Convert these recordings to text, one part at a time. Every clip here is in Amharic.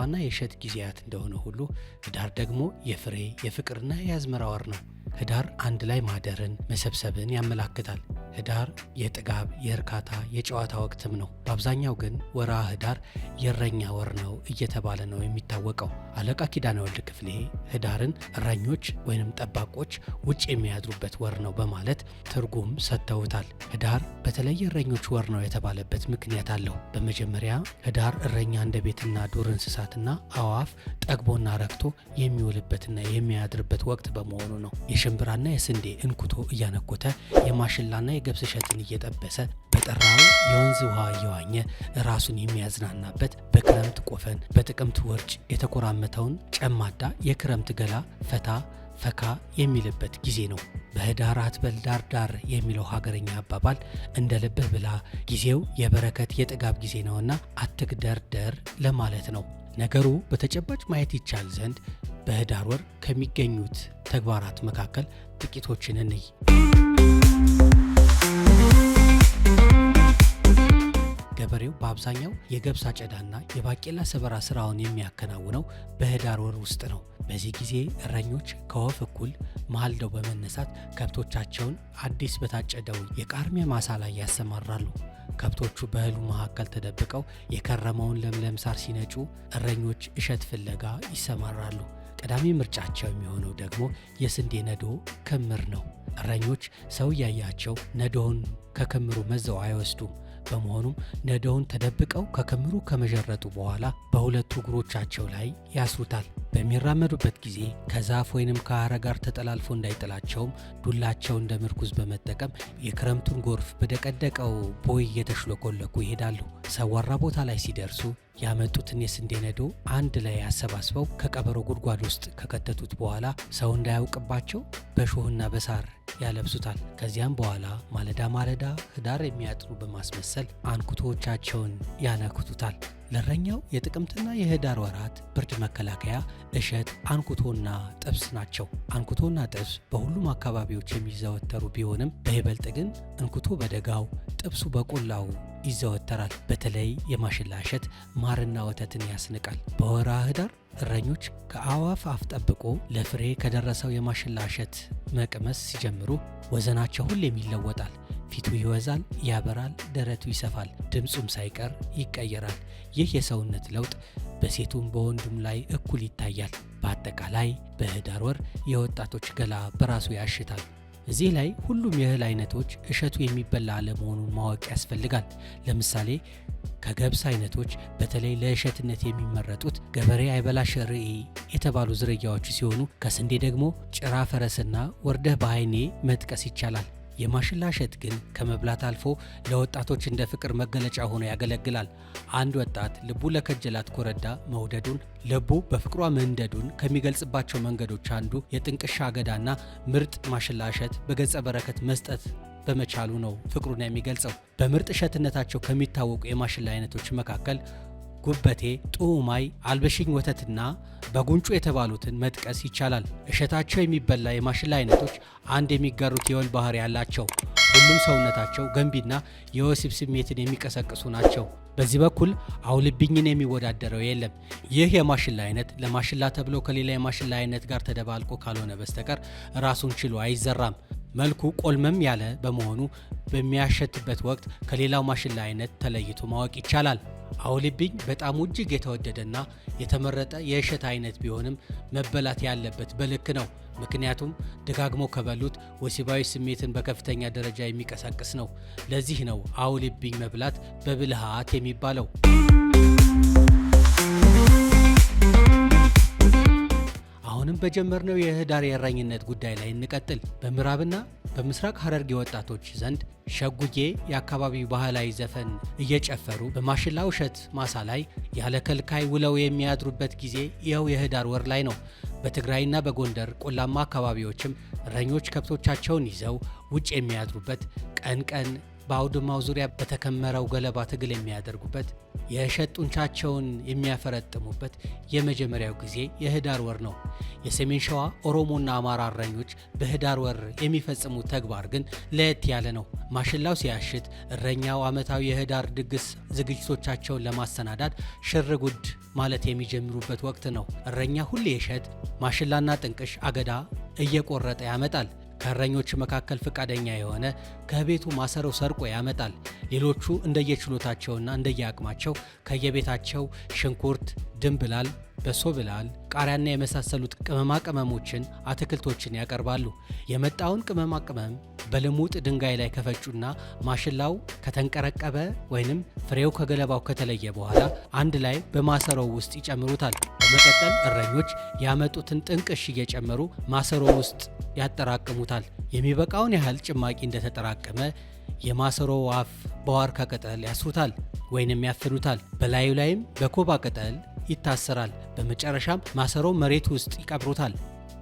የተስፋና የእሸት ጊዜያት እንደሆነ ሁሉ ህዳር ደግሞ የፍሬ የፍቅርና የአዝመራ ወር ነው። ህዳር አንድ ላይ ማደርን መሰብሰብን ያመላክታል። ህዳር የጥጋብ የእርካታ የጨዋታ ወቅትም ነው። በአብዛኛው ግን ወርሃ ህዳር የእረኛ ወር ነው እየተባለ ነው የሚታወቀው። አለቃ ኪዳነ ወልድ ክፍሌ ህዳርን እረኞች ወይንም ጠባቆች ውጭ የሚያድሩበት ወር ነው በማለት ትርጉም ሰጥተውታል። ህዳር በተለይ እረኞች ወር ነው የተባለበት ምክንያት አለው። በመጀመሪያ ህዳር እረኛ እንደ ቤትና ዱር እንስሳትና አዋፍ ጠግቦና ረክቶ የሚውልበትና የሚያድርበት ወቅት በመሆኑ ነው። የሽምብራና የስንዴ እንኩቶ እያነኮተ የማሽላና የገብስ እሸትን እየጠበሰ በጠራው የወንዝ ውሃ እየዋኘ ራሱን የሚያዝናናበት በክረምት ቆፈን በጥቅምት ወርጭ የተኮራመተውን ጨማዳ የክረምት ገላ ፈታ ፈካ የሚልበት ጊዜ ነው። በህዳር አትበል ዳር ዳር የሚለው ሀገረኛ አባባል እንደ ልብህ ብላ፣ ጊዜው የበረከት የጥጋብ ጊዜ ነውና አትግደርደር ለማለት ነው። ነገሩ በተጨባጭ ማየት ይቻል ዘንድ በህዳር ወር ከሚገኙት ተግባራት መካከል ጥቂቶችን እንይ። ገበሬው በአብዛኛው የገብስ አጨዳና የባቄላ ሰበራ ስራውን የሚያከናውነው በህዳር ወር ውስጥ ነው። በዚህ ጊዜ እረኞች ከወፍ እኩል ማልደው በመነሳት ከብቶቻቸውን አዲስ በታጨደው የቃርሚያ ማሳ ላይ ያሰማራሉ። ከብቶቹ በእህሉ መካከል ተደብቀው የከረመውን ለምለም ሳር ሲነጩ እረኞች እሸት ፍለጋ ይሰማራሉ። ቀዳሚ ምርጫቸው የሚሆነው ደግሞ የስንዴ ነዶ ክምር ነው። እረኞች ሰው እያያቸው ነዶውን ከክምሩ መዘው አይወስዱም። በመሆኑም ነዶውን ተደብቀው ከክምሩ ከመዠረጡ በኋላ በሁለቱ እግሮቻቸው ላይ ያስሩታል። በሚራመዱበት ጊዜ ከዛፍ ወይንም ከአረ ጋር ተጠላልፎ እንዳይጥላቸውም ዱላቸው እንደ ምርኩዝ በመጠቀም የክረምቱን ጎርፍ በደቀደቀው ቦይ እየተሽለኮለኩ ይሄዳሉ። ሰዋራ ቦታ ላይ ሲደርሱ ያመጡትን የስንዴ ነዶ አንድ ላይ አሰባስበው ከቀበሮ ጉድጓድ ውስጥ ከከተቱት በኋላ ሰው እንዳያውቅባቸው በሾህና በሳር ያለብሱታል። ከዚያም በኋላ ማለዳ ማለዳ ህዳር የሚያጥሩ በማስመሰል አንኩቶዎቻቸውን ያነኩቱታል። ለረኛው የጥቅምትና የህዳር ወራት ብርድ መከላከያ እሸት፣ አንኩቶና ጥብስ ናቸው። አንኩቶና ጥብስ በሁሉም አካባቢዎች የሚዘወተሩ ቢሆንም በይበልጥ ግን እንኩቶ በደጋው ጥብሱ በቆላው ይዘወተራል። በተለይ የማሽላ እሸት ማርና ወተትን ያስንቃል። በወርሃ ህዳር እረኞች ከአዋፍ አፍ ጠብቆ ለፍሬ ከደረሰው የማሽላ መቅመስ ሲጀምሩ ወዘናቸው ሁሌም ይለወጣል። ፊቱ ይወዛል፣ ያበራል፣ ደረቱ ይሰፋል፣ ድምፁም ሳይቀር ይቀየራል። ይህ የሰውነት ለውጥ በሴቱም በወንዱም ላይ እኩል ይታያል። በአጠቃላይ በህዳር ወር የወጣቶች ገላ በራሱ ያሽታል። እዚህ ላይ ሁሉም የእህል አይነቶች እሸቱ የሚበላ አለመሆኑን ማወቅ ያስፈልጋል። ለምሳሌ ከገብስ አይነቶች በተለይ ለእሸትነት የሚመረጡት ገበሬ አይበላሽ ርኢ የተባሉ ዝርያዎች ሲሆኑ ከስንዴ ደግሞ ጭራ ፈረስና ወርደህ በአይኔ መጥቀስ ይቻላል። የማሽላሸት ግን ከመብላት አልፎ ለወጣቶች እንደ ፍቅር መገለጫ ሆኖ ያገለግላል። አንድ ወጣት ልቡ ለከጀላት ኮረዳ መውደዱን ልቡ በፍቅሯ መንደዱን ከሚገልጽባቸው መንገዶች አንዱ የጥንቅሻ አገዳና ምርጥ ማሽላሸት በገጸ በረከት መስጠት በመቻሉ ነው ፍቅሩን የሚገልጸው። በምርጥ እሸትነታቸው ከሚታወቁ የማሽላ አይነቶች መካከል ጉበቴ፣ ጡማይ አልበሽኝ ወተትና በጉንጩ የተባሉትን መጥቀስ ይቻላል። እሸታቸው የሚበላ የማሽላ አይነቶች አንድ የሚጋሩት የወል ባህሪ ያላቸው፣ ሁሉም ሰውነታቸው ገንቢና የወሲብ ስሜትን የሚቀሰቅሱ ናቸው። በዚህ በኩል አውልብኝን የሚወዳደረው የለም። ይህ የማሽላ አይነት ለማሽላ ተብሎ ከሌላ የማሽላ አይነት ጋር ተደባልቆ ካልሆነ በስተቀር ራሱን ችሎ አይዘራም። መልኩ ቆልመም ያለ በመሆኑ በሚያሸትበት ወቅት ከሌላው ማሽላ አይነት ተለይቶ ማወቅ ይቻላል። አውሊብኝ በጣም እጅግ የተወደደና የተመረጠ የእሸት አይነት ቢሆንም መበላት ያለበት በልክ ነው። ምክንያቱም ደጋግሞ ከበሉት ወሲባዊ ስሜትን በከፍተኛ ደረጃ የሚቀሳቅስ ነው። ለዚህ ነው አውሊብኝ መብላት በብልሃት የሚባለው። አሁንም በጀመርነው የህዳር የእረኝነት ጉዳይ ላይ እንቀጥል። በምዕራብና በምስራቅ ሐረርጌ ወጣቶች ዘንድ ሸጉጌ የአካባቢው ባህላዊ ዘፈን እየጨፈሩ በማሽላ ውሸት ማሳ ላይ ያለ ከልካይ ውለው የሚያድሩበት ጊዜ ይኸው የህዳር ወር ላይ ነው። በትግራይና በጎንደር ቆላማ አካባቢዎችም እረኞች ከብቶቻቸውን ይዘው ውጭ የሚያድሩበት ቀን ቀን በአውድማው ዙሪያ በተከመረው ገለባ ትግል የሚያደርጉበት የእሸት ጡንቻቸውን የሚያፈረጥሙበት የመጀመሪያው ጊዜ የህዳር ወር ነው። የሰሜን ሸዋ ኦሮሞና አማራ እረኞች በህዳር ወር የሚፈጽሙት ተግባር ግን ለየት ያለ ነው። ማሽላው ሲያሽት እረኛው ዓመታዊ የህዳር ድግስ ዝግጅቶቻቸውን ለማሰናዳት ሽር ጉድ ማለት የሚጀምሩበት ወቅት ነው። እረኛ ሁሌ እሸት፣ ማሽላና ጥንቅሽ አገዳ እየቆረጠ ያመጣል። ከእረኞች መካከል ፈቃደኛ የሆነ ከቤቱ ማሰረው ሰርቆ ያመጣል። ሌሎቹ እንደየችሎታቸውና እንደየአቅማቸው ከየቤታቸው ሽንኩርት ድንብላል፣ በሶ ብላል፣ ቃሪያና የመሳሰሉት ቅመማ ቅመሞችን አትክልቶችን ያቀርባሉ። የመጣውን ቅመማ ቅመም በልሙጥ ድንጋይ ላይ ከፈጩና ማሽላው ከተንቀረቀበ ወይንም ፍሬው ከገለባው ከተለየ በኋላ አንድ ላይ በማሰሮው ውስጥ ይጨምሩታል። በመቀጠል እረኞች ያመጡትን ጥንቅሽ እየጨመሩ ማሰሮ ውስጥ ያጠራቅሙታል። የሚበቃውን ያህል ጭማቂ እንደተጠራቀመ የማሰሮ አፍ በዋርካ ቅጠል ያስሩታል ወይንም ያፍኑታል። በላዩ ላይም በኮባ ቅጠል ይታሰራል። በመጨረሻም ማሰሮ መሬት ውስጥ ይቀብሩታል።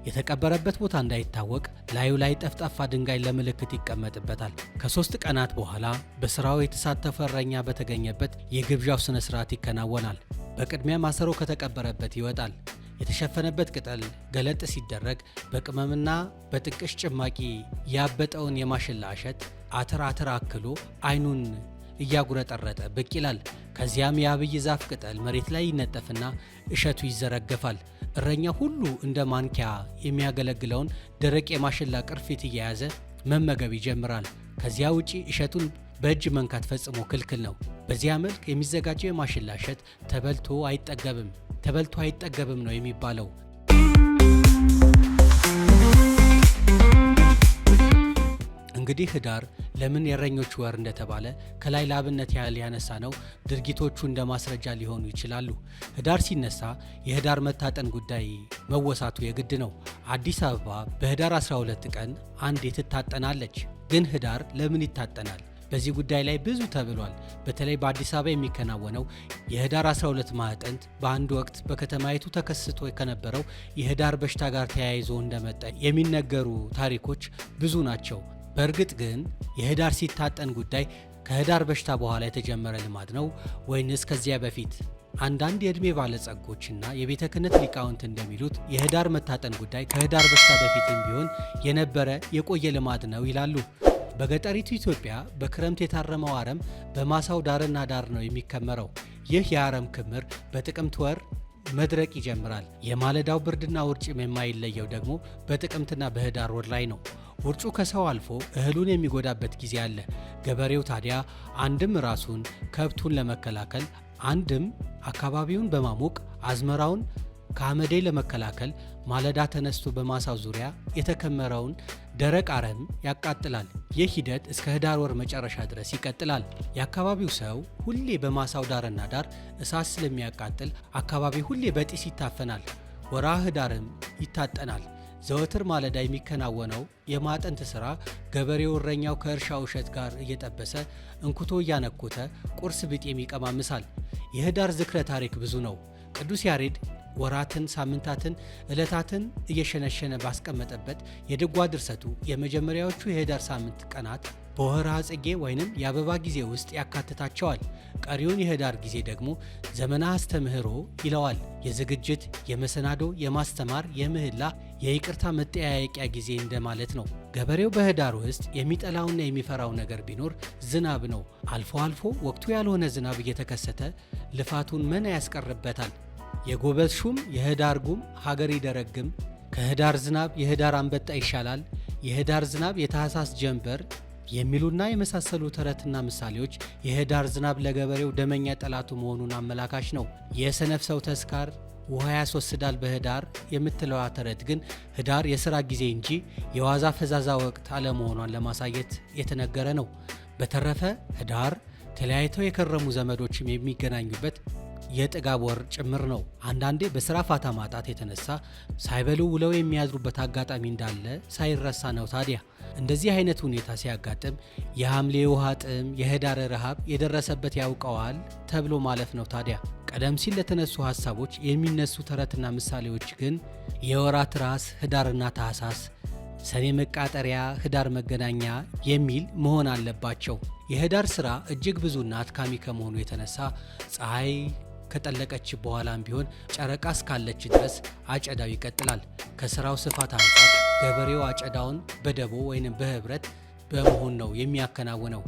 የተቀበረበት ቦታ እንዳይታወቅ ላዩ ላይ ጠፍጣፋ ድንጋይ ለምልክት ይቀመጥበታል። ከሶስት ቀናት በኋላ በስራው የተሳተፈ እረኛ በተገኘበት የግብዣው ስነ ስርዓት ይከናወናል። በቅድሚያ ማሰሮ ከተቀበረበት ይወጣል። የተሸፈነበት ቅጠል ገለጥ ሲደረግ በቅመምና በጥቅስ ጭማቂ ያበጠውን የማሽላ እሸት አትር አትር አክሎ አይኑን እያጉረጠረጠ ብቅ ይላል። ከዚያም የአብይ ዛፍ ቅጠል መሬት ላይ ይነጠፍና እሸቱ ይዘረገፋል። እረኛ ሁሉ እንደ ማንኪያ የሚያገለግለውን ደረቅ የማሽላ ቅርፊት እየያዘ መመገብ ይጀምራል። ከዚያ ውጪ እሸቱን በእጅ መንካት ፈጽሞ ክልክል ነው። በዚያ መልክ የሚዘጋጀው የማሽላ እሸት ተበልቶ አይጠገብም ተበልቶ አይጠገብም ነው የሚባለው። እንግዲህ ህዳር ለምን የእረኞች ወር እንደተባለ ከላይ ለአብነት ያህል ያነሳ ነው ድርጊቶቹ እንደ ማስረጃ ሊሆኑ ይችላሉ። ህዳር ሲነሳ የህዳር መታጠን ጉዳይ መወሳቱ የግድ ነው። አዲስ አበባ በህዳር 12 ቀን አንዴ ትታጠናለች። ግን ህዳር ለምን ይታጠናል? በዚህ ጉዳይ ላይ ብዙ ተብሏል። በተለይ በአዲስ አበባ የሚከናወነው የህዳር 12 ማዕጠንት በአንድ ወቅት በከተማይቱ ተከስቶ ከነበረው የህዳር በሽታ ጋር ተያይዞ እንደመጣ የሚነገሩ ታሪኮች ብዙ ናቸው። በእርግጥ ግን የህዳር ሲታጠን ጉዳይ ከህዳር በሽታ በኋላ የተጀመረ ልማድ ነው ወይንስ ከዚያ በፊት? አንዳንድ የዕድሜ ባለጸጎችና የቤተ ክህነት ሊቃውንት እንደሚሉት የህዳር መታጠን ጉዳይ ከህዳር በሽታ በፊትም ቢሆን የነበረ የቆየ ልማድ ነው ይላሉ። በገጠሪቱ ኢትዮጵያ በክረምት የታረመው አረም በማሳው ዳርና ዳር ነው የሚከመረው። ይህ የአረም ክምር በጥቅምት ወር መድረቅ ይጀምራል። የማለዳው ብርድና ውርጭም የማይለየው ደግሞ በጥቅምትና በህዳር ወር ላይ ነው። ውርጩ ከሰው አልፎ እህሉን የሚጎዳበት ጊዜ አለ። ገበሬው ታዲያ አንድም ራሱን ከብቱን ለመከላከል አንድም አካባቢውን በማሞቅ አዝመራውን ከአመዴ ለመከላከል ማለዳ ተነስቶ በማሳው ዙሪያ የተከመረውን ደረቅ አረም ያቃጥላል። ይህ ሂደት እስከ ህዳር ወር መጨረሻ ድረስ ይቀጥላል። የአካባቢው ሰው ሁሌ በማሳው ዳርና ዳር እሳት ስለሚያቃጥል አካባቢ ሁሌ በጢስ ይታፈናል። ወርሃ ህዳርም ይታጠናል። ዘወትር ማለዳ የሚከናወነው የማጠንት ሥራ ገበሬው እረኛው ከእርሻው እሸት ጋር እየጠበሰ እንኩቶ እያነኮተ ቁርስ ብጤም ይቀማምሳል። የህዳር ዝክረ ታሪክ ብዙ ነው። ቅዱስ ያሬድ ወራትን፣ ሳምንታትን፣ ዕለታትን እየሸነሸነ ባስቀመጠበት የድጓ ድርሰቱ የመጀመሪያዎቹ የህዳር ሳምንት ቀናት በወርሃ ጽጌ ወይንም የአበባ ጊዜ ውስጥ ያካትታቸዋል። ቀሪውን የህዳር ጊዜ ደግሞ ዘመነ አስተምህሮ ይለዋል። የዝግጅት፣ የመሰናዶ፣ የማስተማር፣ የምህላ፣ የይቅርታ መጠያየቂያ ጊዜ እንደማለት ነው። ገበሬው በህዳር ውስጥ የሚጠላውና የሚፈራው ነገር ቢኖር ዝናብ ነው። አልፎ አልፎ ወቅቱ ያልሆነ ዝናብ እየተከሰተ ልፋቱን መና ያስቀርበታል። የጎበዝ ሹም የህዳር ጉም ሀገር ይደረግም። ከህዳር ዝናብ የህዳር አንበጣ ይሻላል፣ የህዳር ዝናብ የታህሳስ ጀንበር የሚሉና የመሳሰሉ ተረትና ምሳሌዎች የህዳር ዝናብ ለገበሬው ደመኛ ጠላቱ መሆኑን አመላካች ነው። የሰነፍ ሰው ተስካር ውሃ ያስወስዳል በህዳር የምትለዋ ተረት ግን ህዳር የሥራ ጊዜ እንጂ የዋዛ ፈዛዛ ወቅት አለመሆኗን ለማሳየት የተነገረ ነው። በተረፈ ህዳር ተለያይተው የከረሙ ዘመዶችም የሚገናኙበት የጥጋብ ወር ጭምር ነው። አንዳንዴ በስራ ፋታ ማጣት የተነሳ ሳይበሉ ውለው የሚያድሩበት አጋጣሚ እንዳለ ሳይረሳ ነው። ታዲያ እንደዚህ አይነት ሁኔታ ሲያጋጥም የሐምሌ ውሃ ጥም፣ የህዳር ረሃብ የደረሰበት ያውቀዋል ተብሎ ማለፍ ነው። ታዲያ ቀደም ሲል ለተነሱ ሀሳቦች የሚነሱ ተረትና ምሳሌዎች ግን የወራት ራስ ህዳርና ታህሳስ ሰኔ መቃጠሪያ ህዳር መገናኛ የሚል መሆን አለባቸው። የህዳር ስራ እጅግ ብዙና አድካሚ ከመሆኑ የተነሳ ፀሐይ ከጠለቀች በኋላም ቢሆን ጨረቃ እስካለች ድረስ አጨዳው ይቀጥላል። ከስራው ስፋት አንጻር ገበሬው አጨዳውን በደቦ ወይም በህብረት በመሆን ነው የሚያከናውነው።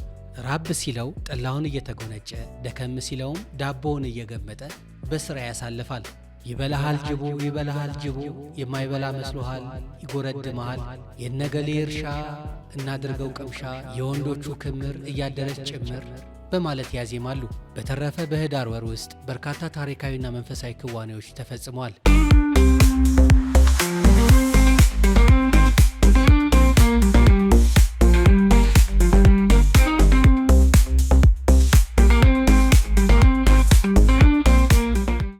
ራብ ሲለው ጠላውን እየተጎነጨ ደከም ሲለውም ዳቦውን እየገመጠ በስራ ያሳልፋል። ይበላሃል ጅቡ ይበላሃል ጅቡ፣ የማይበላ መስሎሃል ይጎረድመሃል። የነገሌ እርሻ እናድርገው ቅምሻ፣ የወንዶቹ ክምር እያደረች ጭምር በማለት ያዜማሉ። በተረፈ በህዳር ወር ውስጥ በርካታ ታሪካዊና መንፈሳዊ ክዋኔዎች ተፈጽመዋል።